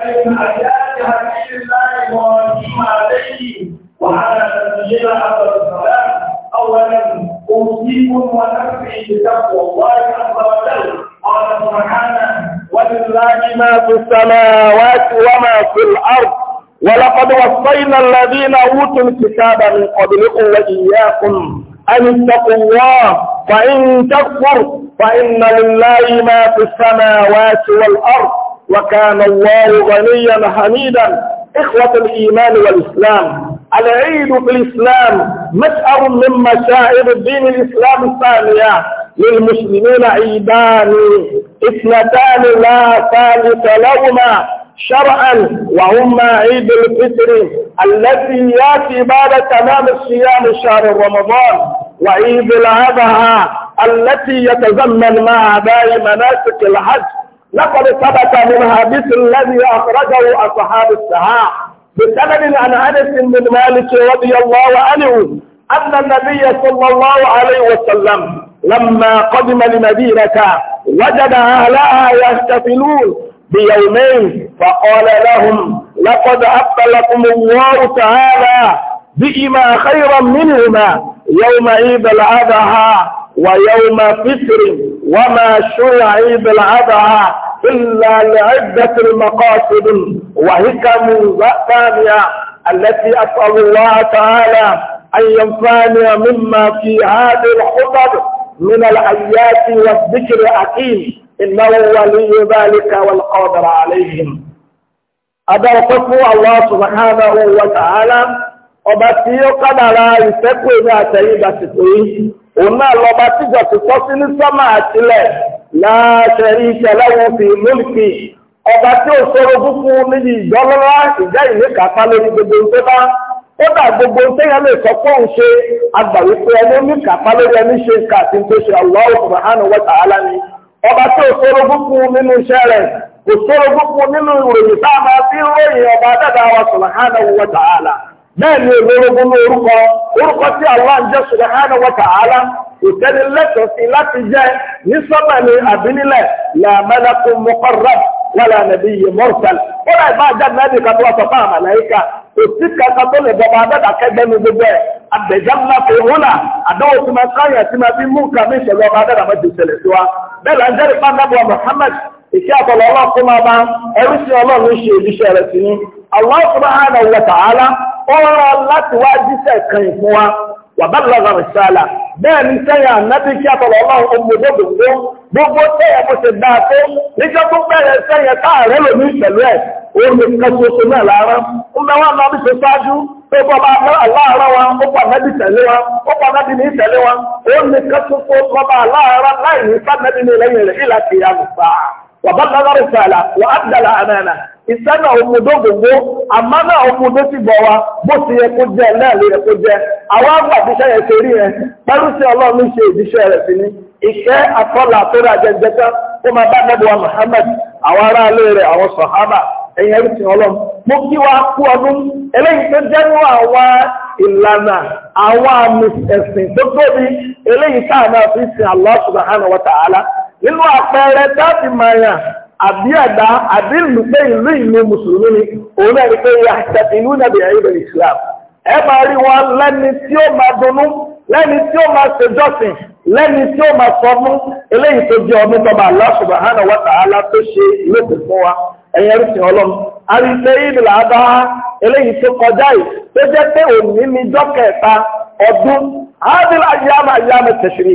حبيب الله عليه وعلى نبينا أولا أوصيكم بتقوى الله عز وجل قال سبحانه ولله ما في السماوات وما في الأرض ولقد وصينا الذين أوتوا الكتاب من قبلكم وإياكم أن اتقوا الله فإن تكفر فإن لله ما في السماوات والأرض وكان الله غنيا حميدا إخوة الإيمان والإسلام العيد في الإسلام مشعر من مشاعر الدين الإسلام الثانية للمسلمين عيدان اثنتان لا ثالث لهما شرعا وهما عيد الفطر الذي ياتي بعد تمام الصيام شهر رمضان وعيد الاضحى التي يتزمن معها باقي مناسك الحج لقد ثبت من حديث الذي أخرجه أصحاب السهاء بسبب عن أنس بن مالك رضي الله عنه أن النبي صلى الله عليه وسلم لما قدم لمدينة وجد أهلها يحتفلون بيومين فقال لهم لقد ابطلكم الله تعالى بهما خيرا منهما يوم عيد الأضحى ويوم فطر وما شرع عيد الأضحى إلا لعدة المقاصد وهكم ثانية التي أسأل الله تعالى أن ينفعنا مما في هذه الخطب من الآيات والذكر الحكيم إنه ولي ذلك والقادر عليهم أدركوا الله سبحانه وتعالى ọba tí ó kádàrá ìfẹ́kù èmi àtẹ̀yìn ìgbà tìtò yìí òun náà lọ́ba tíjọ ti tọ́ ní sọ́mà àtìlẹ̀ láàṣẹrí ṣẹlẹ́wọ̀n fi múlùkì ọba tí ó sọ̀rọ̀ fúnfún níbi ìjọlọ́lá ìjẹ́ ìlú kàpá lórí gbogbo tó bá kódà gbogbo téèyàn lè sọ pé ṣe agbàwí pé ẹni ní kàpá lórí ẹni ṣe ni ọba tí ó nínú iṣẹ́ rẹ̀ kò nínú ìròyìn tá a máa fi ròyìn ọba dáadáa wa bẹ́ẹ̀ ni orúkọ orúkọ tí ìtẹ́ni lẹ́tọ̀ọ́ sí láti jẹ́ ní sọ́mà ní àbínílẹ̀ làmẹ́lẹ́kù muqarrab wàlà nàbí yìí mursal. ó rà ìbá àjáde náà nìkan tó wà sọ́kàn àmàlàyíkà òsì kankan tó lè bọ̀bọ̀ abẹ́dà kẹgbẹ́ ní gbogbo ẹ̀ àgbẹ̀jámúná fi húnà àdánwò tí máa káyà tí máa fi mú nǹkan mi ṣẹlẹ̀ ọba abẹ́dà máa ti ṣẹlẹ̀ sí wa. bẹ́ẹ̀ la ń jẹ́rìí pàdánù Muhammad ìṣẹ́ àtọ̀lọ́ ọlọ́run kó máa bá ẹrú sí ṣe ìbíṣẹ́ rẹ̀ sí ni. Allah subhanahu wa ta'ala ó rán láti wá jíṣẹ́ kan ìfún wa wàbálàgbà rìsáàlà bẹ́ẹ̀ ní tẹ́yà náàbí kí àtọ̀lọ̀ ọlọ́run ọmọdé gbogbo gbogbo tẹ́yà bó ṣe dáa tó níjọ́ tó bẹ̀rẹ̀ tẹ́yà káàrẹ́ lòmí ìṣẹ̀lú ẹ̀ omi kẹsọsọ náà láàárọ̀ ó mẹ́wàá náà bí ṣe ṣáájú tó bọ́ bá aláàárọ̀ wa ó pa mẹ́bí tẹ̀lé wa ó pa mẹ́bí rìsáàlà wà iṣẹ́ náà ọmọdé gbogbo ti bọ̀ wa bó ti yẹ kó jẹ́ náà yẹ kó jẹ́ àwọn àgbàdìṣẹ́ yẹn ṣe yẹn pẹ̀lú sí ọlọ́run ṣe ìdíṣẹ́ rẹ̀ sí ni ìṣẹ́ àtọ́là tó rà jẹjẹ tán kó máa bá nẹ́bùwà Muhammad àwọn aráalé rẹ̀ àwọn ẹ̀yìn ẹ̀rù ti ọlọ́run mo kí wa kú ọdún eléyìí tó jẹ́ nínú àwọn ìlànà àwọn àmì ẹ̀sìn tó tóbi eléyìí fi sin àbí ẹ̀dá àbí ìlú pé ìlú ìlú mùsùlùmí ni òun náà rí pé yàtọ̀ ìlú náà bẹ̀rẹ̀ ìlú islam ẹ máa rí wọn lẹ́ni tí ó máa dunnú lẹ́ni tí ó máa ṣèjọ́sìn lẹ́ni tí ó máa sọnú eléyìí tó jẹ́ ọdún tọ́ba Allah subhanahu wa ta'ala tó ṣe lókun fún wa ẹ̀yẹ rúfin ọlọ́run àríṣẹ́ ìlú làbá eléyìí tó kọjá yìí tó jẹ́ pé òní ni jọ́kẹ̀ẹ́ta ọdún ádìlá yàmà yàmà tẹ̀sírì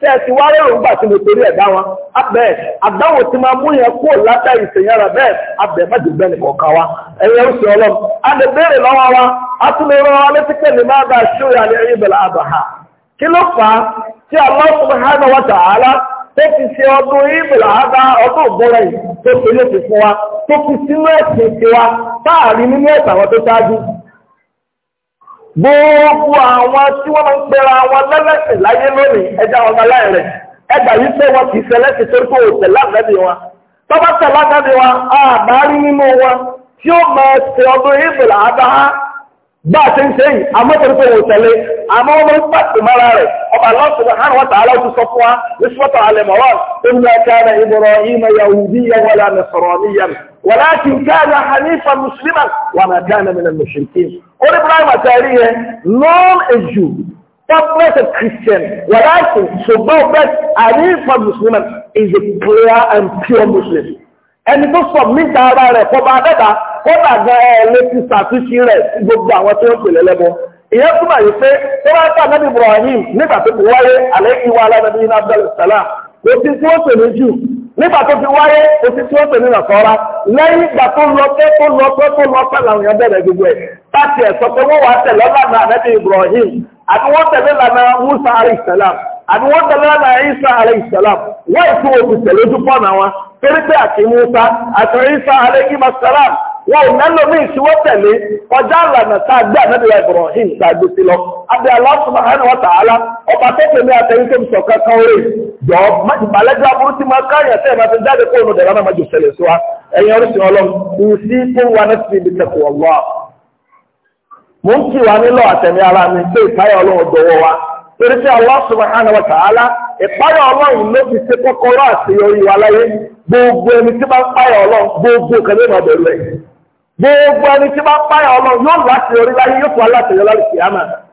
tẹ́ ẹ ti wá rọrùn gbà tí mo torí ẹ̀ wọn. abẹ́ àdáwò tí máa mú yẹn kúrò bẹ́ẹ̀ abẹ́ wa. ẹ̀yẹ ọlọ́run a lè béèrè lọ́wọ́ wa a tún lè rán wa létí pé ní bá ní ẹ̀yìn kí ló fà á tí tó fi ṣe ọdún àbá ọdún yìí tó fi lè fi fún wa tó fi sínú ẹ̀sìn gbogbo àwọn tí wọ́n máa ń pera wọn lẹ́lẹ́sìn láyé lónìí ẹja ọ̀gá láìrẹ̀ ẹgbà yìí pé wọn kì í tó kó òtẹ̀ lábẹ́bí wọn tọ́bátẹ̀ lábẹ́bí wọn àbárí nínú wọn tí ó máa ṣe ọdún ìbìlà àdáhá bá a ṣe ń ṣe yìí amọ́tẹ̀rẹ́fẹ́ wò tẹ̀lé àmọ́ ọmọ nípa ìmọ̀ra rẹ̀ ọba Allah subhanahu wa ta'ala ti sọ fún wa ní sọ́tọ̀ alẹ́mọ̀rọ̀ inna kana Ibrahima yahudiyyan wala nasraniyyan walakin kana hanifan musliman wa ma kana minal mushrikin. ó ní Ibrahim àtẹ̀rí yẹn non a Jew public Christian walakin ṣùgbọ́n bẹ́ẹ̀ hanifan musliman is kódà gan ẹ létí ṣàtúnṣe rẹ̀ gbogbo àwọn tó ń pè lẹ́lẹ́bọ ìyẹn túmọ̀ yìí pé tó bá ká nẹ́bí Ibrahim nígbà tó fi wáyé àlẹ́ ìwà alánàbí iná abdul salam tí ó jù nígbà tó fi wáyé tí ó nàkọ́ra lẹ́yìn ìgbà tó lọ pé tó lọ pé Ibrahim àti wọ́n Musa salam àti wọ́n tẹ̀lé Isa salam wọ́n ìtú òkú tẹ̀lé ojú pọ̀ náà wọn ò nánà mí ìṣíwọ́ tẹ̀lé kọjá àlànà tá a gbé ànábì Ibrahim tá a gbé sí lọ abẹ́ Allah subhanahu wa ta'ala ọba tó tẹ̀lé àtẹ̀yìn tó ń sọ kankan rè jọ ìbàlẹ́jọ́ aburú tí máa káyàn tẹ́ máa fi jáde kó máa sẹlẹ̀ sí wa ọlọ́run wà ní ibi tẹ̀kù ọ̀lọ́ ń kí wa nílò àtẹ̀mí ara mi pé ìpáyà ọlọ́run dọ̀wọ́ wa torí pé ta'ala ìpáyà ọlọ́run gbogbo ẹni tí bá páyà ọlọ́run yóò láti orí láyé yóò fún aláṣẹ yọ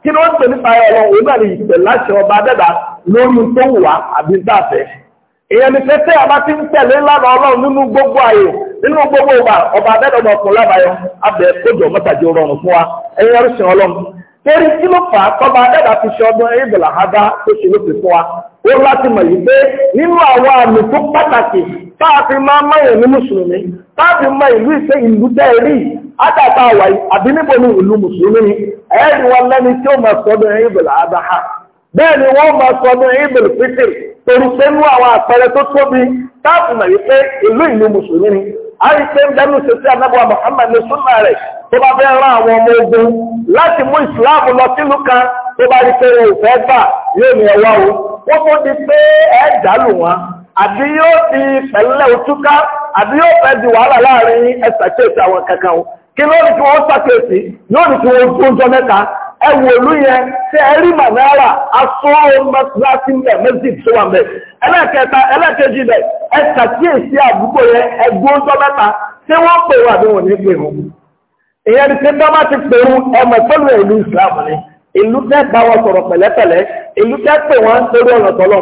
kí ni ń pè ọlọ́run òun náà lè ọba dẹ́dà lórí tó wù àbí èèyàn ní pẹ́sẹ́ ti ń tẹ̀lé ọlọ́run gbogbo nínú gbogbo ọba ọba ọmọkùnrin lábàáyọ abẹ kójọ fún wa ọlọ́run torí kí ló fà á tọ́ba dẹ́gbà fi ṣe ọdún ìbìlà àdá tó ṣe lópin fún wa ó láti mọ̀ yìí pé nínú àwọn àmì tó pàtàkì táàfin máa mọ̀yàn ní mùsùlùmí táàfin mọ ìlú ìṣe ìlú dẹ́ẹ̀rí ádàtà àwà àbí níbo ní ìlú mùsùlùmí ni wọn ni àrí pé ń dẹnu ṣe sí anábọ̀ Muhammad ní súnà rẹ̀ tó bá fẹ́ rán àwọn ọmọ ogun láti mú ìsìláàmù lọ sílùú kan tó bá rí pé o fẹ́ gbà yóò ní ẹwà o wọ́n tó di pé ẹ dàlù wọn àbí yóò di pẹ̀lẹ́ òtúká àbí yóò fẹ́ di wàhálà láàrin ẹsẹ̀ àti ètò àwọn kankan o kí ló ní kí wọ́n ṣàkíyèsí yóò ní kí wọ́n tún jọ mẹ́ta ẹwù òlú yẹn tí ẹrí mànára asọ́rọ̀ mọ́síláṣí mbẹ̀ mẹ́sìk tó wà mbẹ̀ ẹlẹ́kẹta ẹlẹ́kẹjì bẹ̀ ẹ ṣàkíyèsí àdúgbò yẹn ẹgbó ńjọ mẹ́ta tí wọ́n pè wà ní wọn ní pè wọn. ìyẹn ni pé bọ́mà ti pè wọn ọmọ ìtọ́lù ìlú Islam ni ìlú tẹ́ bá wọn sọ̀rọ̀ pẹ̀lẹ́pẹ̀lẹ́ ìlú tẹ́ pè wọn lórí ọ̀nà tọ́lọ́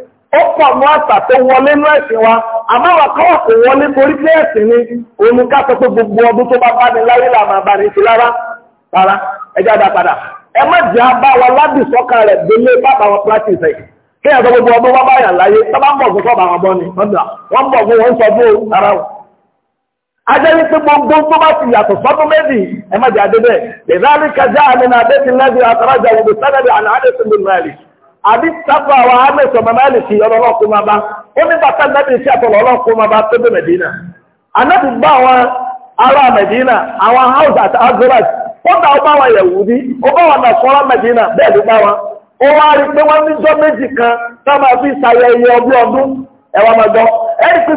ó pọ̀ àṣà tó wọlé ní ẹ̀sìn wa àmáwà kọ́wà kò wọlé torí pé ẹ̀sìn ni òun ká sọ pé gbogbo ọdún tó bá bá ní láyé là máa bá ní sí lára rárá ẹjá dá padà ẹ má jẹ́ abá wa rẹ̀ kí ẹ̀ sọ gbogbo ọdún wọn bá yàn láyé tó bá ń bọ̀ fún ni wọ́n bọ̀ fún wọn sọ gbogbo àbí sáfà wa awa sọmọmọlì fi ọlọ́lọ́kùn máa bá ó ní bàtà nàbì sí àtọ̀lọ́ ọlọ́kùn máa bá tó dé mẹ̀dínà anábì gbá àwọn ará mẹ̀dínà àwọn house at azorat ó dà ó bá yẹ̀wù ní ó mẹ̀dínà bẹ́ẹ̀ ló bá ó wá rí pé wọ́n méjì kan tá máa fi ọdún ọdún ẹ̀rí pé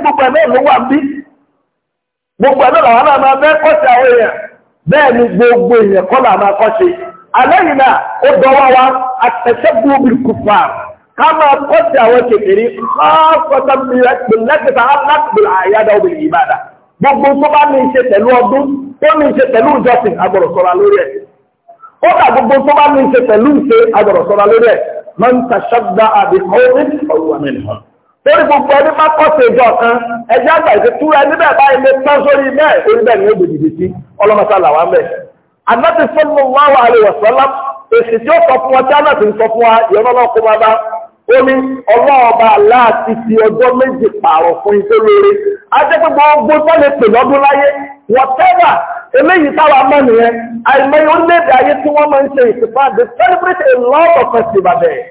gbogbo ẹ̀mí àlẹ́yìn náà ó dọ́wọ́ wa àtẹ̀sẹ́ gbòógì kùfà ká máa kọ́sí àwọn kékeré káfọ́tà mìlẹ́kìtà alákùnrin àyádá obìnrin ìbàdà gbogbo tó bá ní í ṣe pẹ̀lú ọdún tó ní í ṣe pẹ̀lú ìjọsìn agbọ̀rọ̀ sọ̀rọ̀ lórí ẹ̀ ó dà gbogbo tó bá ní í ṣe pẹ̀lú ìṣe agbọ̀rọ̀ sọ̀rọ̀ lórí ẹ̀ máa ń tàṣàgbà àbíkọ́ torí gbogbo ẹni bá ó gbèdìdì sí ọlọ́mọṣálà Ànábì sallallahu alaihi wasallam èsì tí ó sọ fún wa tí Ànábì ń sọ fún wa ìyọ́nà náà kó máa bá ó ní ọlọ́ọ̀ba láti fi ọjọ́ méjì pààrọ̀ fún iṣẹ́ lóore ajẹ́pẹ́ gbogbo tẹ́lẹ̀ pè lọ́dún láyé whatever eléyìí táwa mọ̀ nìyẹn àìmọye orílẹ̀-èdè ayé tí wọ́n máa ń ṣe they celebrate a lot of festival there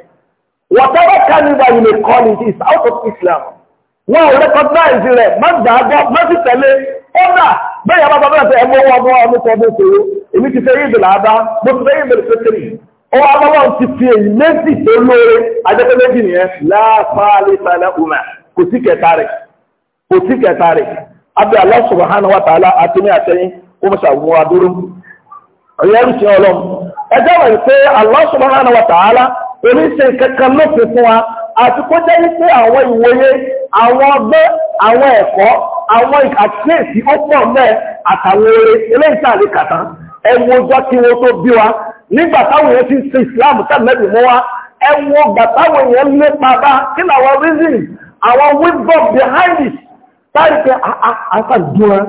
whatever carnival you may call it is out of Islam wọn ò recognize rẹ̀ má dàgbọ́ má sì tẹ̀lé kódà bẹ́ẹ̀ bá bàbá rẹ̀ ẹgbẹ́ wọn wọn ọdún kan lóṣèlú èmi ti fẹ́ yí ìbìlà àbá mo ti fẹ́ yí ìbìlà wọn ti fi èyí méjì tó lóore ajẹ́pẹ́ méjì nìyẹn láàfáàlì sálẹ̀ ọmọ kò sí kẹta rẹ̀ kò sí kẹta rẹ̀ abẹ́ Allah subhanahu wa ta'ala àtúnyẹ àtẹyìn ó mọ̀ ṣàwọn adúró ọlọ́m ẹjọ́ àwọn àkíyèsí ó pọ̀ mẹ́ àtàwọn eré eléyìí àlè kàtà ẹwọ ọjọ́ kí wọ́n tó bí wa nígbà táwọn èèyàn ti ṣe Islam tẹ́lẹ̀mí mọ́ wa ẹwọ ọgbà táwọn èèyàn lé padà kí làwọn reason àwọn wisdom behind it táyì pé àtàdúrà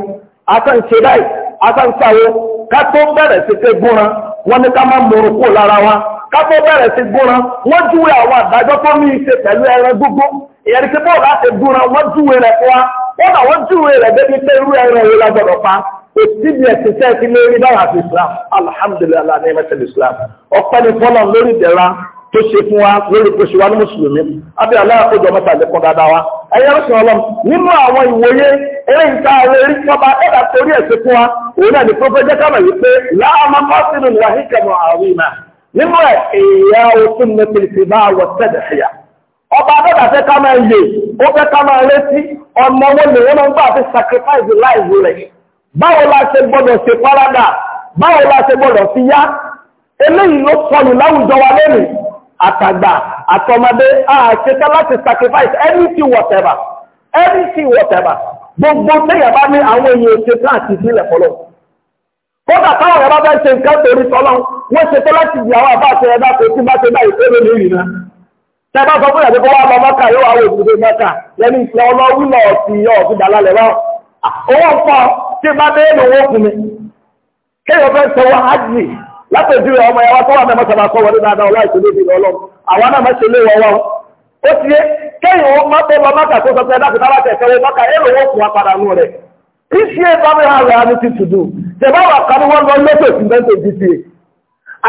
àtàǹṣẹ́láì àtàǹṣàwọ̀ ká tó bẹ̀rẹ̀ sí pé gúnra wọ́n ní ká mọ̀rọ̀ kó lára wa ká tó bẹ̀rẹ̀ sí gúnra wọ́n júwe àwọn àdájọ́ tó ní í pẹ̀lú ẹran gbogbo ìyẹn bọ́ọ̀lù láti gúnra wọ́n júwe rẹ̀ fún wa wọ́n náà wọ́n júwe rẹ̀ débi pé irú ẹran ìwé lágbọ́dọ̀ pa òsì bí ẹ̀sìn tẹ́ ti lórí báyà àti Islam alhamdulilayi ní ẹ̀mẹ́tẹ̀ Islam ọ̀pẹ́ ni fọ́nà lórí ìdẹ̀ra tó ṣe fún wa lórí kó ṣe wá ní mùsùlùmí abẹ́ aláàkójọ mẹ́ta lẹ́kọ́ dáadáa wa ẹ̀yẹ́ rẹ̀sìn ọlọ́m nínú àwọn ìwòye eré ìta àwọn eré pápá ẹ̀dà torí ẹ̀sìn fún wa òun náà ní pọ́pẹ́ jẹ́ kámẹ̀ yìí pé láàmà kọ́sìnù wàhíkẹ̀mù àwìn náà nínú ẹ̀ èèyàn òfin mẹ́tẹ̀ẹ̀tẹ̀ bá wọ sẹ́dẹ̀ ọba abẹ́ta fẹ́ ká máa yè ó fẹ́ ká máa létí ọmọ owó lè wọ́n máa ń gbà fi sacrifice life rẹ̀ báwo la ṣe gbọ́dọ̀ ṣe parada báwo la ṣe gbọ́dọ̀ fi yá eléyìí ló sọnù láwùjọ wa lónìí àtàgbà àtọmọdé àṣetá láti sacrifice anything whatever anything whatever gbogbo téèyàn bá ní àwọn èèyàn ṣetá àti ìpínlẹ̀ fọlọ́ kódà táwọn ọ̀rọ̀ bá fẹ́ ṣe nǹkan torí sọlọ́ wọ́n ṣetá láti di àwọn àbá àṣẹ ẹ̀dá tó ti bá ṣe báyìí tó tẹ́gbọ́n sọ fún ìyàgbé kó wá lọ mọ́kà yóò wá wò ó gbé mọ́kà lẹ́nu ìfẹ́ ọlọ́wí lọ sí ọ̀sùn dàlálẹ̀ wá owó nǹkan tí bá dé ní owó fún mi kéèyàn fẹ́ sọ wá ájì ọmọ ẹwà tó wà mẹ́mọ́ wọlé dáadáa ọlá àwọn náà máa ṣe lé wọn ó ti yé kéèyàn tó sọ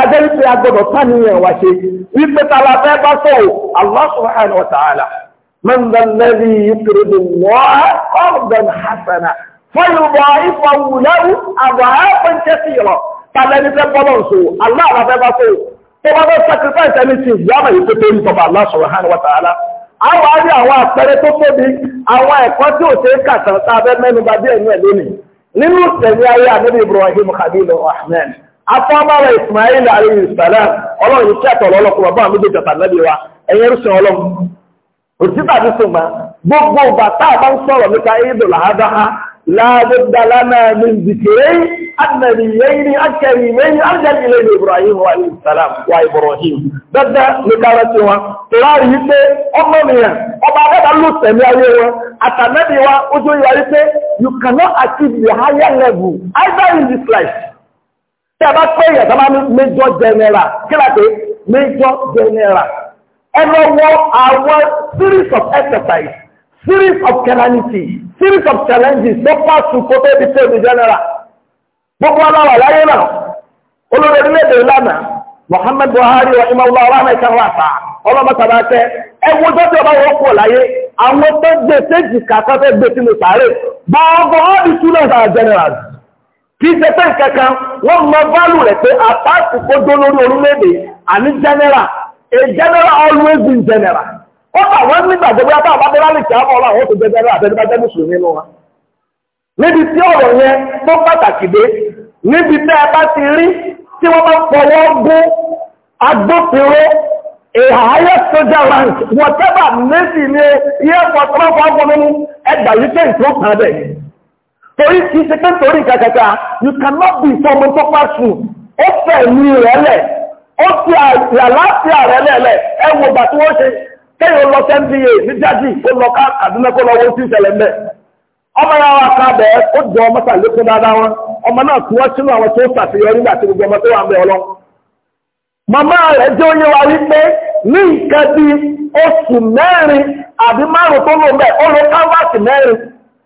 adẹ́rìsẹ́ agbọ́dọ̀ sáníyàn wá ṣe wípé tala fẹ́ bá sọ̀rọ̀ Allah subhanahu wa ta'ala man dhalladhi yuqridu Allaha qardan hasana fayudha'ifahu lahu adha'afan kathira tàlẹ́ni fẹ́ bọ́lọ̀ sọ Allah fẹ́ bá sọ̀rọ̀ tó bá bẹ́ sacrifice ẹni tí ìyáwó yìí pété ń tọba Allah subhanahu wa ta'ala àwọn àrí àwọn àpẹẹrẹ tó tóbi àwọn ẹ̀kọ́ tí ò ṣe afọ́bára Ismail alayhi salam ọlọ́run iṣẹ́ àtọ̀lọ́ ọlọ́kùnrin bá àmì ìjọba lẹ́bi wa ẹ̀yẹ rúṣin ọlọ́run òtítà ti sùn máa gbogbo bàtà bá ń sọ̀rọ̀ nípa ìdò làádáha láàbùdà lánàá ní ní Ibrahim wa Ibrahim dada wa yìí pé ọmọ ọba ló sẹ̀mí ayé wọn wa ojú yìí pé you cannot achieve higher level either in this life tí a bá pé èèyàn tó bá ní méjọ jẹnẹra kí láti méjọ jẹnẹra ẹ lọ wọ àwọn series of exercise series of calamity series of challenges tó pàṣẹ kó tó di tèmi jẹnẹra gbogbo aláwọ̀ láyé náà olórí orílẹ̀-èdè lánàá Muhammad Buhari wa imawula ọlọ́mọ ìkàrọ̀ àtà ọlọ́mọ tàbá tẹ ẹ wo jọ́jọ́ bá wọ́n kú láyé àwọn tó gbé séjì kàkọ́ tó gbé sínú sàárè gbogbo all the students are generals kì í ṣe pé nkankan wọ́n mọ válù rẹ̀ pé àpáàtì kó dó lórí orílẹ̀-èdè a general always in general ó bà wọ́n nígbàgbọ́ bí wọ́n bá bá lè kí á mọ́ ọlọ́run ó jẹ́ general jẹ́ mùsùlùmí níbi tí ọ̀rọ̀ yẹn tó pàtàkì dé níbi tẹ́ ẹ ti rí tí wọ́n bá fọwọ́ gún agbófinró a higher soldier rank whatever navy ni air force ẹgbàá yìí torí kì í ṣe pé torí you cannot be sọmọ tó pa sùn ó fẹ̀ ní rẹ̀ lẹ̀ ó fi àlàáfíà rẹ̀ lẹ̀ lẹ̀ ẹ wo gbà tí wọ́n ṣe kéèyàn lọ nba ní jáde kó lọ ká Kaduna lọ wọ́n sí ìṣẹ̀lẹ̀ mbẹ́ ọmọ ká bẹ́ẹ̀ ó jọ ọmọ tà lókun dáadáa wọn ọmọ náà tí wọ́n sínú àwọn tó ṣàfihàn nígbà tí gbogbo ọmọ tó wà ń bẹ̀ ọlọ́ màmá rẹ̀ jẹ́ wa ní nǹkan bíi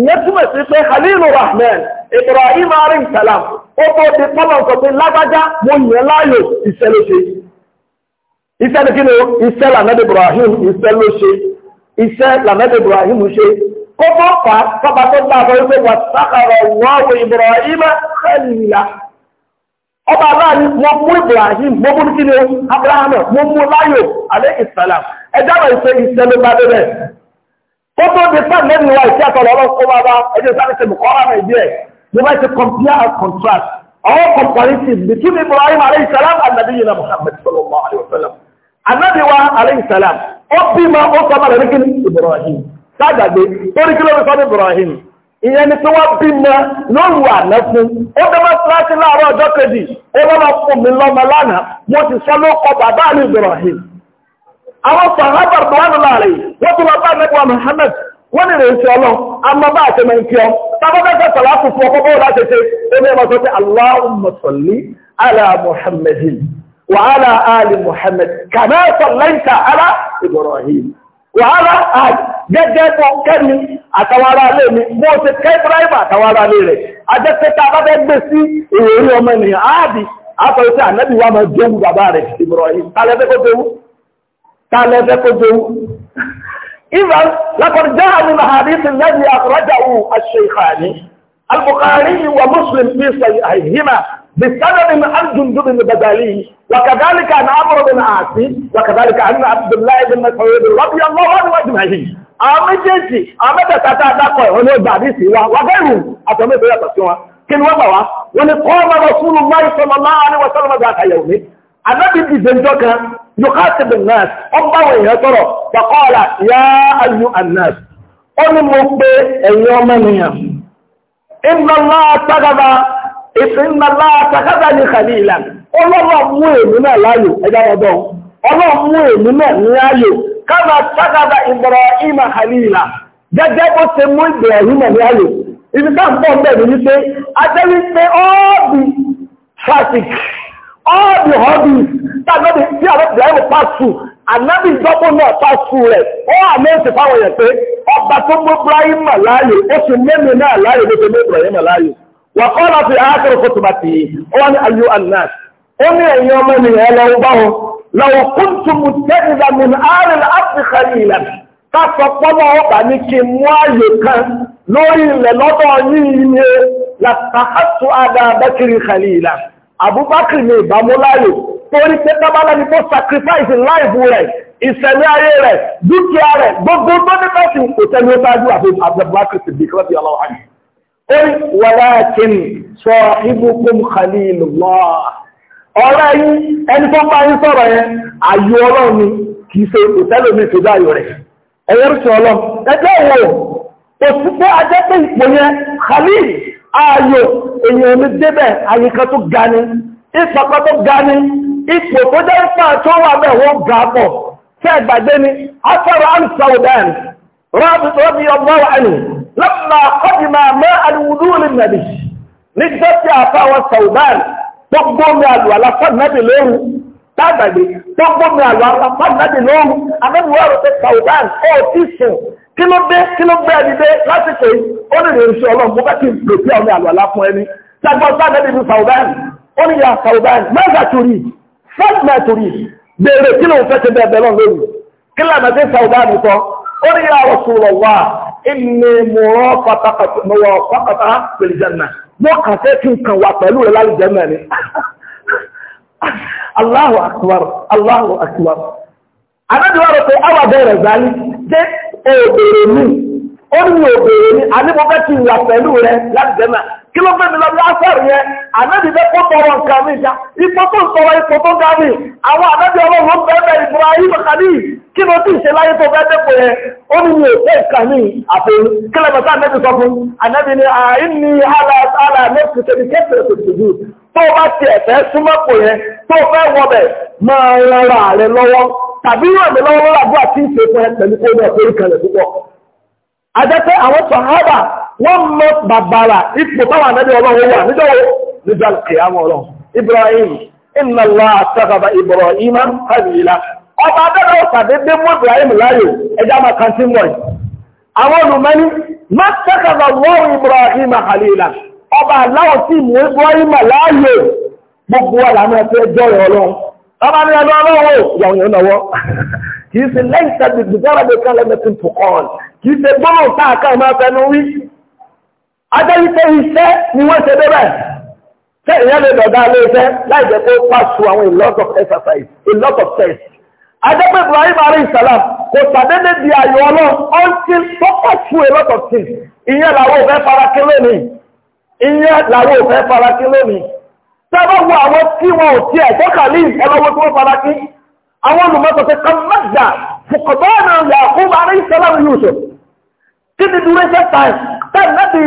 ìyẹn túmọ̀ sí pé Khalilu Rahman Ibrahim arim salam ó tó ti pọ́lọ̀ sọ pé lágbájá mo yàn láàyò iṣẹ́ ló ṣe iṣẹ́ ni kí ni iṣẹ́ lànàdé Ibrahim iṣẹ́ iṣẹ́ lànàdé Ibrahim ṣe kó tó fà á tó bá wípé wà sákàrọ̀ wọ́ọ̀wọ̀ Ibrahim kótó di sáà lẹ́nu wa ìṣe àtọ̀lọ́ ọlọ́run kó bá bá ẹjọ́ sáré ṣe bùkọ́ ọ̀rọ̀ ìdí ẹ̀ ló bá ṣe compare and contrast all comparisons between Ibrahim alayhi salam and nabi yina Muhammad sallallahu alayhi wa sallam anabi wa alayhi salam ó bí ma ó sọ ma lórí kiri Ibrahim sáàdàgbé torí kí ló fi sọ ní Ibrahim ìyẹn ni tí wọ́n bí ma lóru àná fún ó dábàá síláṣí láàárọ̀ ọjọ́ kejì ó lọ́mọ fún mi lọ́mọ lánàá mo ti sọ ló kọ bàbá mi Ibrahim àwọn sàhábà rọ̀wánà láàrin wọ́n tó wọ́n bá nẹ́gbà Muhammad wọ́n ní rẹ̀ ṣe ọlọ́ àmọ́ bá àti mẹ́kí ọ tàbátẹ́fẹ́ sàlátù fún ọkọ̀ bóòlá ṣe ṣe ẹgbẹ́ ọmọ sọ pé Allahumma salli ala Muhammadin wa ala ali Muhammad kama sallaita ala Ibrahim wa ala ali gẹ́gẹ́ bọ́ kẹ́mi àtàwárá alé mi bó ṣe kẹ́ قال لا تقدوا إذا لقد جاء من حديث الذي أخرجه الشيخان البخاري ومسلم في صحيحهما بسبب عن جندب البدالي وكذلك عن عمرو بن عاصي وكذلك عن عبد الله بن مسعود رضي الله عنه اجمعين اما جيتي اما تتا تا كو هو بابي سي وا وغيره اتمي بيا تسوا كن وما وا ولي قام رسول الله صلى الله عليه وسلم ذات يوم anábì dìde ńjọ́ kan yóò ká ti bẹ̀ náà ó bá àwọn èèyàn sọ̀rọ̀ fàkọ́ọ̀lá yá ayú anas ó ní mo pé ẹ̀yin ọmọ nìyàn ìnàlá àtàkàbà ìsìnàlá àtàkàbà ní khalila ọlọ́rọ̀ mú èmi náà láàyò ẹja ọdọ́ ọlọ́rọ̀ mú èmi náà ní ààyò kama àtàkàbà Ibrahima khalila gẹ́gẹ́ bó ṣe mú Ibrahima ní ààyò ibi táà ń bọ̀ ń bẹ̀ mí wípé adẹ́wípé ọ́ọ̀bì fásitì all the hobbies tàbí tí àwọn ìbìláìmù pàṣù ànábì ìjọpọ̀ náà through, rẹ̀ ó àmẹ́sì fáwọn èèyàn pé ọba tó mú ibrahim láàyè ó sì mẹ́nu náà láàyè ló ṣe mú ibrahim láàyè wà kọ́ láti àákẹ́rẹ́ fún tòmátì ó wá ní ayú anas ó ní ẹ̀yìn ọmọ ènìyàn lọ́wọ́ bá wọn lọ́wọ́ kún tó mú tẹ́lifà mi ní àárín áfíríkà ní ìlà ká sọ pọ́nmọ́ ọba ní kí mú ààyè kan lórí ilẹ̀ lọ́dọ̀ yìí ni látàkàtú àdàbẹ́kiri khalila. Abubakar ni ìbámú láyò torí pé tábálá ni tó sacrifice life rẹ̀ ìṣẹ̀lẹ̀ ayé rẹ̀ dúkìá rẹ̀ gbogbo tó ní mẹ́sì kò tẹ́lú ṣáájú Abubakar ti dìkọ́ bí ọlọ́wọ́ àyè ó ní walakin sahibukum khalilullah ọ̀rẹ́ yín ẹni tó bá yín sọ̀rọ̀ yẹn ayò ọlọ́run ni kì í ṣe òtẹ́lẹ̀ khalil ààyò èèyàn ní débẹ̀ àyíká tó ga ni ìpapá tó ga ni ipò tó jẹ́ ìpá tó wà bẹ̀ wọ́n ga pọ̀ tẹ́ ìgbàgbé ni afẹ́rọ amsaudan rọ́bì ọlọ́wọ́ ẹni lọ́pàá kọ́dìmọ̀ mọ́ àdìwúdú lè nàbì nígbà tí àfáwọn saudan gbogbo mi àlùwàlá fún nàbì lóru tágbàgbé gbogbo mi àlọ́ àpàdánù lóru amẹ́nuwá rẹ̀ pé kàwùbán ọ̀ tí sùn kí ló dé kí ló gbé ẹni dé lásìkò yìí ó lè rìn sí ọlọ́run mo fẹ́ kí n lè fi àwọn àlọ́ àlá fún ẹni ṣàgbọ́n sáà nínú kàwùbán ó ní ya kàwùbán mẹ́ta torí fẹ́ẹ̀tì náà torí béèrè kí ló ń fẹ́ ti bẹ́ẹ̀ bẹ́ẹ̀ lọ́rùn kí lànà dé kàwùbán ó ní ya Rasulullah inni mọ̀rọ̀ mo kàn fẹ́ Allahu akbar, Allahu akbar. Anájúwà rọ̀ pé àwà bẹ̀rẹ̀ zálí dé òbèrè mi, ó ní òbèrè mi, àníbọ̀fẹ́ ti wà pẹ̀lú rẹ̀ láti jẹ́mà kí ló gbé mi lọ bí ásẹ́rì yẹn ànábì bẹ́ kó tọrọ nǹkan mi ìjà ipò tó ń tọrọ ipò tó ga mi àwọn ànábì ọlọ́run bẹ́ẹ̀ Ibrahim kàní kí ló ti ṣe láyé tó fẹ́ dépò yẹn ó ní mi ò fẹ́ nǹkan mi àti kílẹ̀mọ̀tà ànábì sọ fún ànábì ni àìní àlà lẹ́kùn tẹ̀lé kẹfẹ́ òṣèlú tó bá tiẹ̀ fẹ́ súnmọ́ pò yẹn tó fẹ́ wọbẹ̀ máa rárá rẹ lọ́wọ́ tàbí ràn mí lọ́wọ́ lọ́wọ́ àbúrò àti ìṣèkùn ẹ pẹ̀lú kó wọ́n mọ́ bàbàrà ipò táwọn ànábì ọlọ́run wà níjọ́wọ́ níjọ́ kìyàmọ́ ọlọ́run Ibrahim inna Allah àtàkàbà Ibrahim hàbìlá ọba adẹ́rẹ́ ṣàdédé mú Ibrahim láyò ẹjá máa kàn sí mọ́ ẹ̀ àwọn olùmọ́ni mọ́tàkàbà wọ́n Ibrahim hàlìlá ọba aláwọ̀ tí mú Ibrahim láyò gbogbo wa làwọn ẹ̀fẹ́ ẹjọ́ rẹ̀ ọlọ́run ọba ní ọlọ́run yàwọn yóò náwọ́ kì í ṣe lẹ́yìn tàbí gbùgbọ́n adẹ́yíṣẹ́ iṣẹ́ ni wọ́n ṣe bẹ́rẹ̀ ṣe ìyẹn lè dọ̀dá ilé iṣẹ́ láì jẹ́ pé pass through àwọn a lot of exercise a lot of test adẹ́pẹ́ Ibrahim alayhi salam kò sàdédé di ayọ̀ ọlọ́run until tó pass a lot of things ìyẹn làwọn òfẹ́ farakín lónìí ìyẹn làwọn òfẹ́ farakín lónìí sábà wo àwọn tí wọn ò tiẹ̀ tó kàlí ẹlọ́wọ́ tó farakín àwọn olùmọ̀tò ṣe kàn mẹ́gbà fòkòtò ọ̀nà Yakub alayhi salam Yusuf kí ni duration time time láti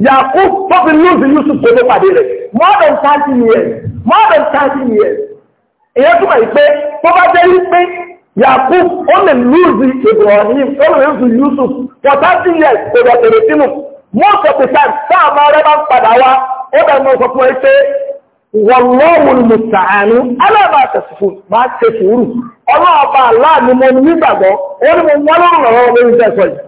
Yakub tó fi Yusuf tó tó pàdé rẹ̀ more than thirty years more than thirty years èyí túmọ̀ yìí pé tó bá jẹ́ yìí pé Yakub ó lè lóòsì Ibrahim ó lè lóòsì Yusuf for thirty years kò lọ tèrè sínú most of the time tá a máa rẹ́ bá ń padà wá ó bẹ̀rẹ̀ mọ́ sọ fún ẹ pé wọ̀lọ́wù ni mùsàánú aláàbà àtẹ̀sùfù máa ṣe sùúrù ọlọ́ọ̀bà aláàánú mo nígbàgbọ́ ó ní mo wọ́n lọ́rùn lọ́wọ́ lórí ìjẹ́sọ̀ yìí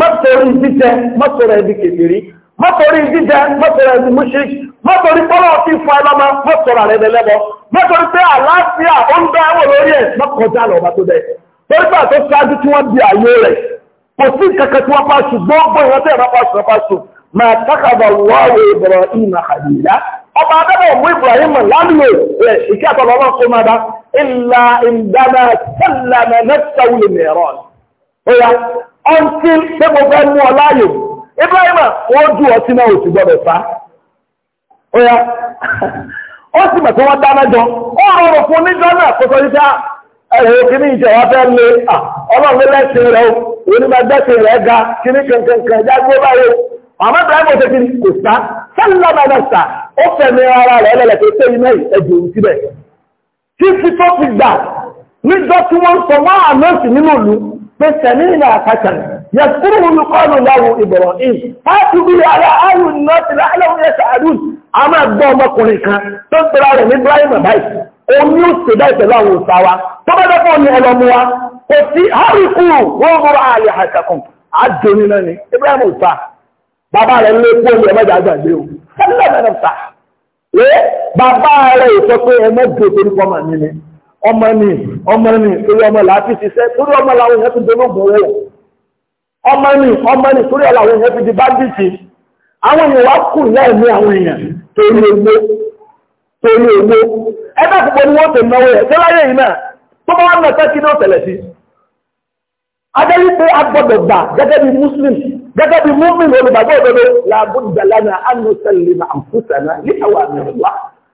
mọ́tòrí jíjẹ mọ́tòrí ẹbí kèfèrí mọ́tòrí jíjẹ mọ́tòrí ẹbí mushrik mọ́tòrí pọ́lọ́ ti fọ ẹlọ́mọ mọ́tòrí àrẹ ẹlẹ́bọ mọ́tòrí pé àlàáfíà ó ń dáwò lórí ẹ̀ mọ́kànjá lọ́ba tó dẹ̀ torí pé àtọ́ ṣáájú tí wọ́n di àyè rẹ̀ kò sí kankan tí wọ́n pàṣù gbogbo ìwọ́n tẹ̀ bá pàṣù pàṣù mà tákàbà wọ́ọ̀wọ̀ Ibrahim àkàlìlá ọba adébọ̀ mú Ibrahim lálùwẹ̀ rẹ̀ ìkí àtọ̀lọ́wọ́ kó máa dá ìlà ìdáná sẹ́lẹ̀mẹ̀ mẹ́tàwùlẹ̀ mẹ́rọ̀ ọ̀yá ọtí pé mo fẹ́ mú ọ láàyò Ibrahim ó ju ọtí náà ó sì gbọdọ̀ sá ó yá ó sì mọ̀ pé wọ́n dáná jọ ó rọrùn fún níjọ́ náà kó sọ yíká ah, ẹ̀rọ kìíní ìjọ wa fẹ́ lé ah, ọlọ́run lé lẹ́sìn rẹ̀ o onímọ̀gbẹ́sìn rẹ̀ ga kìíní kankankan já gbé báyìí màmá Ibrahim ó tẹ́kìrì kò sá sẹ́lá bàbá sá ó fẹ̀mí ara rẹ̀ lẹ́lẹ̀ tó tẹ́yìn náà ẹ̀jẹ̀ òun síbẹ̀ títí tó fi gbà níjọ́ tí wọ́n sọ wọ́n àná sí nínú ìlú فسمينا فتى يذكره يقال له إبراهيم هاتوا على أهل الناس لعلهم ala ahụ الضوء مقرئ كان على إبراهيم بيت omi ṣe bá ìtẹ̀lá tó bá ní kò sí wọ́n àjòyìn náà ni Ibrahim bàbá rẹ̀ lé kó àgbàgbé o mẹ́rin bàbá rẹ̀ ìsọ pé torí màmí ni ọmọ ni ọmọ ni torí ọmọ làáfi ṣiṣẹ́ torí ọmọ làwọn èèyàn dológun owó ọmọ ni ọmọ ni torí ọlàwọn èèyàn di báńdíìtì àwọn èèyàn wá kù lẹ́ẹ̀mí àwọn èèyàn torí owó torí owó ẹgbẹ́ púpọ̀ ni wọ́n ti náwó ẹ̀ tó láyé yìí náà tó bá wọn náà fẹ́ kí ní ó tẹ̀lẹ̀ sí adéyí pé a gbọ́dọ̀ gbà gẹ́gẹ́ bí muslim gẹ́gẹ́ bí mumin olùgbàgbọ́ òdodo làbújá lánàá ànúṣẹ́lẹ̀ àǹfùsànà ní àwọn àmì ọ̀lá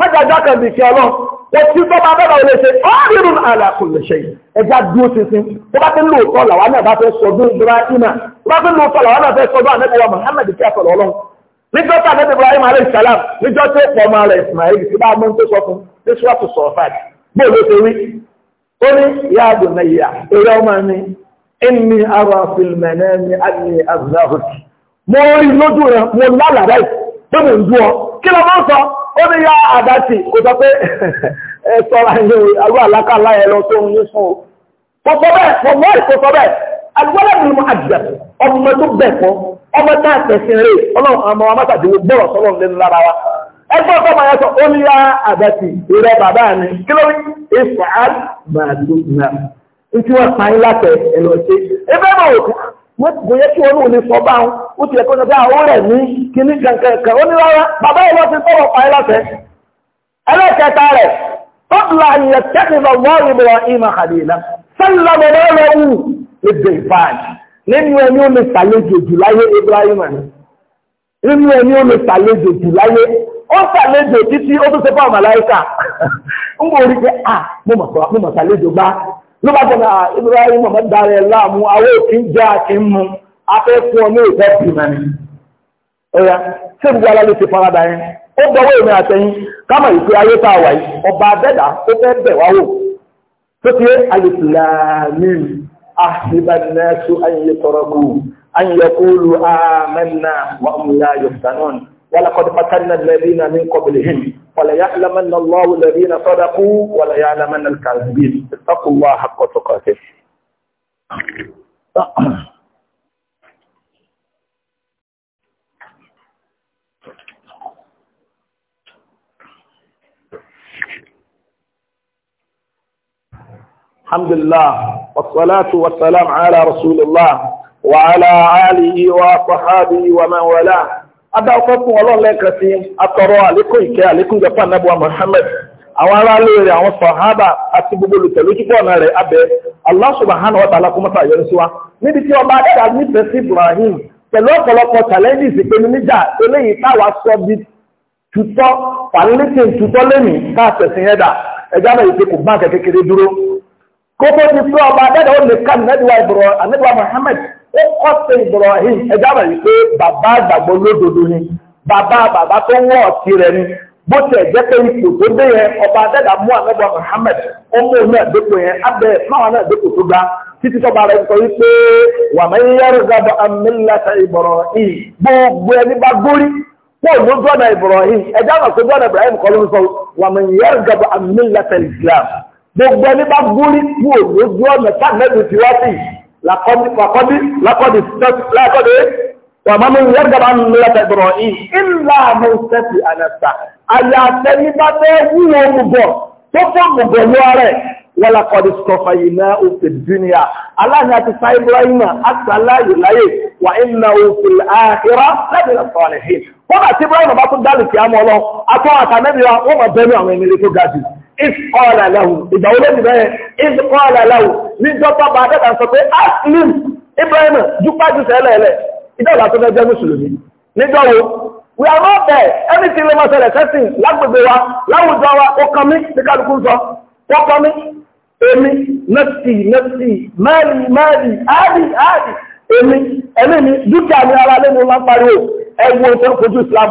mẹ́jàjá kan bìí kí ọlọ́run wọ́n tí tó bá bẹ́rẹ̀ olè ṣe ọ́rìnrún àlàkùn lè ṣe ẹja dúró tuntun tó bá ti ń lòótọ́ làwọn náà bá fẹ́ sọdún Ibrahima tó bá ti ń lòótọ́ làwọn náà fẹ́ sọdún ànẹ́bíwá Muhammad kí àtọ̀lọ́ ọlọ́run níjọ́ tí ànẹ́bí Ibrahim alayhi salam níjọ́ tí ó pọ̀ ọmọ rẹ̀ Ismail ti bá mọ́ tó sọ fún ní ṣúwàtú sọ̀fàdì bó ló ṣe wí ó ní ìyá àdùn náà ìyá eré ọmọ ni inni ara filmẹ̀nẹ́ ni adìyẹ azrahut mo rí lójú rẹ̀ mo lálàá báyìí tó mò ń dú ọ kí lọ máa ń sọ ó ní yá àdáṣì kò sọ pé ẹ sọ́ra ní àrú àlákàlá ẹ lọ tó ń yín fún o. Pọ̀pọ̀ bẹ́ẹ̀ pọ̀pọ̀ ìkó sọ bẹ́ẹ̀ àdúgbọ́lẹ̀ mi mọ àjẹ́ ọmọ tó bẹ̀ fọ́ ọmọ tá a tẹ̀sìn rè ọlọ́run àmọ́ amátàdínwó gbọ́rọ̀ sọ́lọ́run lẹ́nu lára wa. Ẹgbẹ́ ọ̀sán máa yàtọ̀ ó ní yá àdáṣì ìrẹ́ bàbá mi kí ló rí ìfàá màdùn náà. Ntí wọ́n pa yín látẹ̀ ẹ̀ lọ sí. Ẹgbẹ́ náà wọ́n kò yẹ kí ó ti ẹ̀kọ́ sọ pé àwọn rẹ̀ ní kíní kankan ó ní rárá bàbá ìwọ ti tọrọ pa ẹlọ́sẹ̀ ẹlẹ́kẹta rẹ̀ ó la ìyẹ̀ tẹ́kìlọ wọ́ọ̀rì bọ̀ ìmọ̀ àdìlá sẹ́lá bọ̀dọ̀ lọ wù èdè ìfààjì nínú ẹni ó lè sàlejò jù láyé Ibrahim ni nínú ẹni ó lè sàlejò jù láyé ó sàlejò títí ó tún ṣe fún àmàláìkà ń bò rí pé à ah, mo mọ̀ sàlejò gbá ló bá jẹ́ ah, Ibrahim mọ̀ dára ẹ̀ láàmú jẹ́ àti mú afẹ́ fún ọ ní ìfẹ́ sí ìmọ̀ni ẹ̀yà tí gbogbo ara lè ti farada yẹn ó gbọ́wọ́ èmi àtẹ̀yìn kámọ̀ ìpè ayé tá a wà yìí ọba abẹ́dà ó fẹ́ bẹ̀ wá tó ti yé alìsìlámìm الحمد لله والصلاة والسلام على رسول الله وعلى آله وصحابه ومن والاه adáwọ́pọ̀ ọlọ́run lẹ́ẹ̀kan sí atọrọ àlékún ìkẹ́ àlékún jẹ́pà nábúwa Muhammad àwọn ará lè rẹ̀ àwọn sàhábà àti gbogbo olùtẹ̀lú jípọ̀ ọ̀nà rẹ̀ abẹ́ Allah subhanahu wa ta'ala kọmọ́ta yọrí sí wa níbi tí ọba adẹ́dà nífẹ̀ẹ́ sí Ibrahim pẹ̀lú ọ̀pọ̀lọpọ̀ challenges ìpinnu níjà eléyìí táwa sọ bí tutọ́ pàlẹ́tìn tutọ́ lẹ́mìí bá àṣẹ̀sìn ẹ̀dà ẹ̀dá náà ìpè kò bá kẹ̀kẹ́kẹ́rẹ́ dúró kókó ti fún ọba adájọ́ ó lè ká ó kọ́ sí bàbá àgbàgbọ́ lódodo ni bàbá bàbá tó ọ̀tí rẹ̀ ni ọba adájọ́ mú anẹ́díwá Muhammad ó mú un yẹn abẹ máwọn náà dépò tó ga títí tọ́ba rẹ̀ sọ wípé wà mí yẹ́rù gbàgbọ́ amílẹ̀tà ìbọ̀rọ̀ yìí gbogbo wọ́n ló gbọ́dọ̀ Ibrahim gbọ́dọ̀ Ibrahim kọ́ ló ń sọ gbogbo ẹni bá gúrí kú òlójú ọ̀nà tágbẹ́bù ti wá sí làkọ́dí làkọ́dí làkọ́dí wà máa ń yẹ́gbàbá ń lọ ẹ̀bọ̀rọ̀ yìí ńlá àmì ìṣẹ́sì àlẹ́sà àyà àtẹ́ni bá fẹ́ wúwo mùgọ̀ tó fọ́ mùgọ̀ ló rẹ̀ wọ́n làkọ́dí sọ̀fà yìí náà ó fi dúnìyà aláàyè àti sa Ibrahim àtàláyè láyè wà iná òfin àkírá láti lọ sọ̀rọ̀ wọ́n bá ti Ibrahim bá tún dálì kí á mọ́ lọ atọ́ àtàmẹ́bí wa wọ́n máa bẹ́ẹ̀ ní àwọn ènìyàn tó ga ìkọ́ọ̀là láhùn ìgbàwó lóbi bẹ́ẹ̀ ìkọ́ọ̀là láhùn ní jọpọ̀ bá dẹ́ta sọ pé aslim ah, Ibrahim jùpájú sẹ́lẹ̀ẹ́lẹ̀ ìdọ́gbà tó fẹ́ jẹ́ mùsùlùmí níjọ́wó we are not there anything lè máa ṣẹlẹ̀ sẹ́sìn lágbègbè wa láwùjọ wa ó kàn mí ní kálukú sọ wọ́n kàn mí èmi nọ́ọ̀sì nọ́ọ̀sì mẹ́rin mẹ́rin áàdì áàdì èmi ẹ̀mí mi dúkìá mi ara lẹ́nu máa ń pariwo ẹ̀wọ̀n tó kojú Islam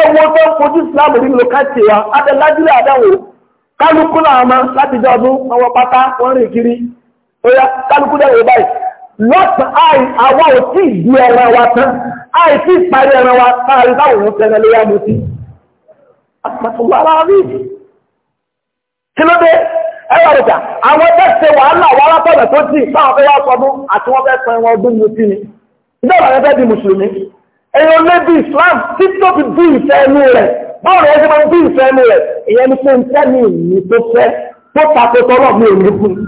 ẹwọ tó ń fojú islam rí lo káàkiri wa adẹ́lájúlẹ̀ àdáwò kálukú náà ma láti jọ ọdún ọwọ́ pátá wọ́n rìn kiri oya kálukú dẹ̀ wò báyìí lọ́tàn àì àwa ò tí ì di ẹran wa tán àì tí ì parí ẹran wa káàrí táwọn òun tẹ̀lé lórí àmì sí. àpàtúwò ara rí kí ló dé ẹwà rẹ̀jà àwọn ẹgbẹ́ ṣe wàhálà wà látọ̀nà tó tì báwọn fẹ́ wá sọdún àti wọ́n fẹ́ sọ ẹwọn ọdún mu sí ni ìjọba rẹ̀ fẹ́ di mùsùlùmí èèyàn lé bí Islam títí tó fi bí ìfẹ́ ẹnu rẹ̀ báwo ni wọ́n ṣe máa ń bí ìfẹ́ ẹnu rẹ̀ èèyàn ní pé ń tẹ́ ní ìní tó fẹ́ tó tako tọ́lọ̀ mi ò ní fún un.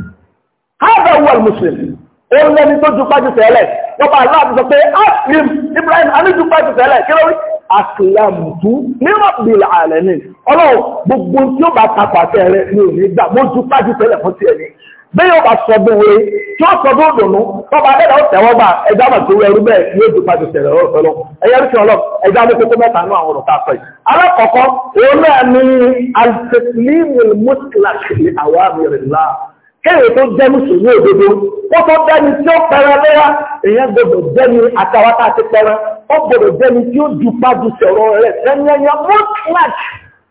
Háàbà wà Mùsùlùmí, ó ń lẹ́ni tó ju pájú tẹ́lẹ̀. Wọ́n bá aláàbò sọ pé Aslim Ibrahim Aníjú pájú tẹ́lẹ̀ kí ló rí? Àkìyàmùtú ní Rabbil Alamin. Ọlọ́run gbogbo tí ó bá tapà tẹ́lẹ̀ ni ò ní gbà, mo ju pájú tẹ́lẹ̀ fún tiẹ̀ ni bẹ́ẹ̀ ọba sọ́dún wẹ́rẹ́ tí wọ́n sọ́dún òdùnnú ọba adẹ́dà ó tẹ̀wọ́ bá ẹja àmọ̀ tó rẹrú bẹ́ẹ̀ yóò di padà tẹ̀lẹ̀ ọ̀rọ̀ ẹ̀yẹ rí sọ̀rọ̀ ẹja ní kókó mẹ́ta nú àwọn ọ̀rọ̀ tá a sọ yìí. alákọ̀ọ́kọ́ òun náà ní alifasilimu mutlaki awamirila kéèyàn tó jẹ́ mùsùlùmí òdodo ó tó dẹ́ni tí ó pẹran léra èèyàn gbọdọ̀ dẹ́ni àtàwátà ti pẹran ó gbọdọ̀ dẹ́ni tí ó ju pàdùsọ̀rọ̀ rẹ̀ sẹ́ni ẹ̀yàn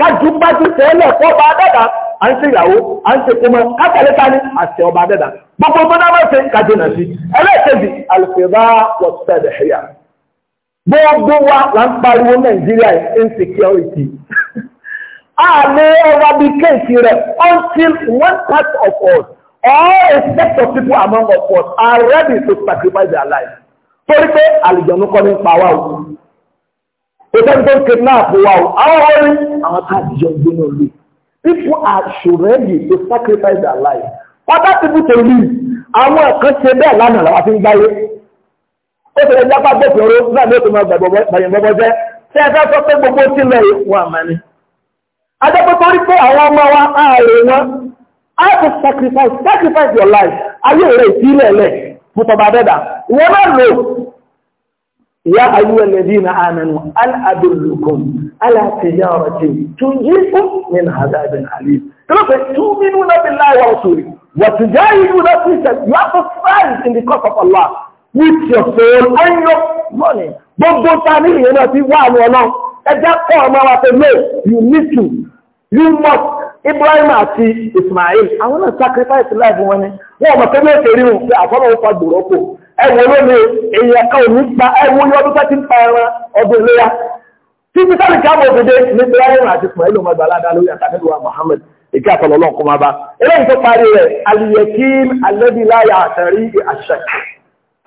kájú gbájú tẹ́lẹ̀ fọ́ ọba dẹ́dà à ń ṣe ìyàwó à ń ṣe kọmọ kákàlẹ́ ta ni àṣẹ ọba dẹ́dà gbogbo gbọ́dọ̀ máa ṣe kájú náà sí ẹlẹ́ẹ̀kejì àlùfẹ́bá wọ́tẹ́ẹ̀dẹ̀ ẹ̀yà gbogbo wa là ń pariwo nàìjíríà insecurity àmì ọba bíi kéèkì rẹ until one part of us all a set of people among us are ready to sacrifice their life torí pé àlùjọ̀nù kọ́ ní pa wá o. Òtẹ́ni tó ń kidnap wa o, àwọn orí àwọn tá a jọ gbé náà People are to sacrifice their life. Other people to leave Àwọn ẹ̀kan ṣe bẹ́ẹ̀ lánàá làwọn fi ń gbáyé. Ó ṣe lè jápá gbẹ̀fẹ̀ oró náà ní oṣù máa gbàyàn bọ́bọ́ jẹ́. Ṣé ẹ fẹ́ sọ pé gbogbo tí lẹ̀ wà máa ní? Adébótó rí pé àwọn ọmọ wa ààrẹ wọn. I to sacrifice sacrifice your life. Ayé rẹ̀ ìfilẹ̀ lẹ̀ fún tọba dẹ́dà. Ìwọ يا أيها الذين آمنوا هل أدلكم على تجارة تنجيكم من عذاب أليم تلقى تؤمنون بالله ورسوله وتجاهدون في سبيل you have to fight in the cause of Allah with your soul and your money gbogbo tani ìyẹn náà ti wà ní ọlọ́run ẹjẹ́ kọ́ ọmọ wa pé no you need to you must Ibrahim àti Ismail àwọn náà sacrifice life wọn ni wọn ò mọ̀ pé mẹ́tẹ̀ẹ́rì wọn pé àfọlọ́wọ́ pa gbòòrò kò ẹwọ lónìí èèyàn kan ò ní gba ẹwọ ní ọdún tẹ́tí ń pa ẹran ọdún léyà tí ti sáré kí á mọ̀ òdòdó ní ibrahim àti ismail ọmọ ẹgbàá aládàá lórí àtàkùn wa muhammed èké àtọ̀lọ́lọ́ kó máa bá eléyìí tó parí rẹ̀ aliyekin alẹ́bíláyà àtẹ̀rí àṣẹ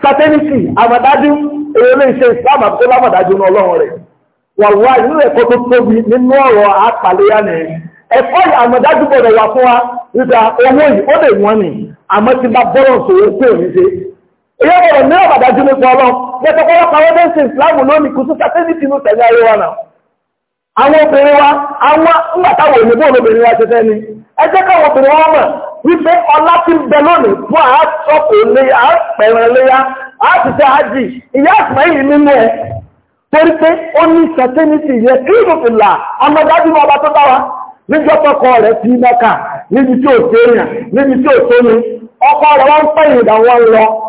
sátẹ́nìtì àmọ̀dájú èrè islam àti lámọ̀dájú ní ọlọ́run rẹ̀ wàlúwà nínú ẹ̀kọ́ àmọ̀dájú gbọ́dọ̀ wà fún wa nígbà owó yìí ó lè wọ́n ni àmọ́ ti bá bọ́rọ̀ sòwò pé òní ṣe ìyá ọ̀rọ̀ ní ọ̀bàdájú nípa ọlọ́run bẹ́ẹ̀ pàwọ́ bẹ́ẹ̀ ìsìláàmù lónìí kù sísà tẹ́lẹ̀ tìǹbù tẹ̀lé ayé wa náà àwọn obìnrin wa àwọn wa ṣẹṣẹ ni ẹ jẹ́ káwọn obìnrin wa mọ̀ wípé ọlá ti ń bẹ lónìí fún àásọ̀kò léyà àpẹ̀rẹ̀ léyà àjì ìyá nínú ẹ̀ torí pé ó ní yẹ kí ọmọdájú ọba tó bá wa níjọ́ tọkọ rẹ̀ ti mẹ́ka níbi tí ò níbi tí ò ọkọ rẹ̀ wọ́n ń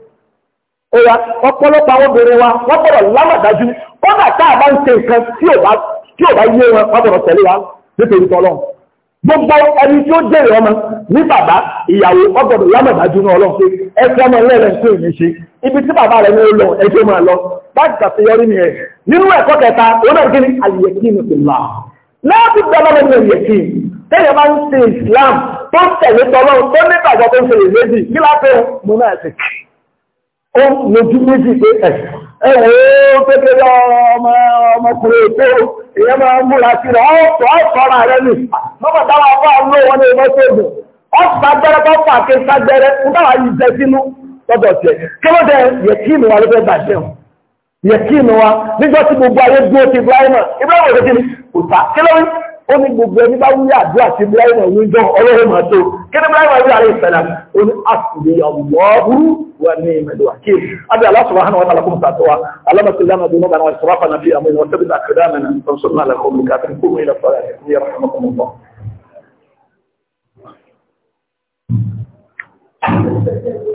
ẹ̀yà ọ̀pọ̀lọpọ̀ àwọn obìnrin wa wọ́n gbọ́dọ̀ lámàdájú kọ́nà tá a bá ń ṣe nǹkan tí ò bá yé wọn wọ́n gbọ́dọ̀ tẹ̀lé wa nítorí tọ́lọ́ gbogbo ẹni tí ó jèrè ọmọ ní bàbá ìyàwó ọgbọ̀dọ̀ lámàdájú náà lọ pé ẹsẹ̀ ọmọ ẹlẹ́rẹ̀ tó ìní ṣe ibi tí bàbá rẹ̀ ní lọ ẹjọ́ máa lọ báyìí ṣàṣeyọrí ni ẹ̀ nínú ẹ̀kọ́ kẹta onáàgbé ní àyẹ̀kí ní ìlà láti gbọ́dọ̀ lọ́wọ́ àyẹ̀kí tẹ́yẹ̀ bá ń ṣe Islam tó tẹ̀lé tọ́lọ́ tó ní bàbá tó ń ṣe lè méjì kí láfẹ́ mú náà ó lójú méjì pé ẹ̀ ẹ̀wọ̀ kékeré ọmọ ọmọkùnrin tó èyẹ máa ń múra sí rẹ̀ ọ̀pọ̀ ọ̀pọ̀ra rẹ̀ nì lọ́pọ̀ táwọn afọ́ àwọn olówó ní ẹgbẹ́ tó dùn ọ̀pọ̀ agbẹ́rẹ́ bá fà ké sagbẹ́rẹ́ nígbàwá yìí jẹ sínú lọ́dọ̀ tiẹ̀ kí ló dé yẹ kí ìmúwa ló fẹ́ bàjẹ́ o yẹ kí ìmúwa nígbà tí gbogbo ayé dúró ti Ibrahima Ibrahima ò ó ní gbogbo ẹni bá wúyà àdúrà sí ibrahim ọ̀wúndọ́ ọlọ́run máa tó kí ni ibrahim ọ̀wúyà rẹ̀ sẹ̀lẹ̀ ó ní àsìlè ọ̀wọ́rú wà ní ìmẹ̀lẹ̀ wà kí abẹ́ aláṣọwọ́ hàn wọn tààlà kún sàtọ́ wa alámọ̀tò lánàá bí wọn bá wọn sọ̀rọ̀ fana fi àmọ́ ìwọ̀n tẹ́bi àkàdá mẹ́nà sọ̀nsọ̀n náà lẹ́kọ̀ọ́ mi káàkiri kó mi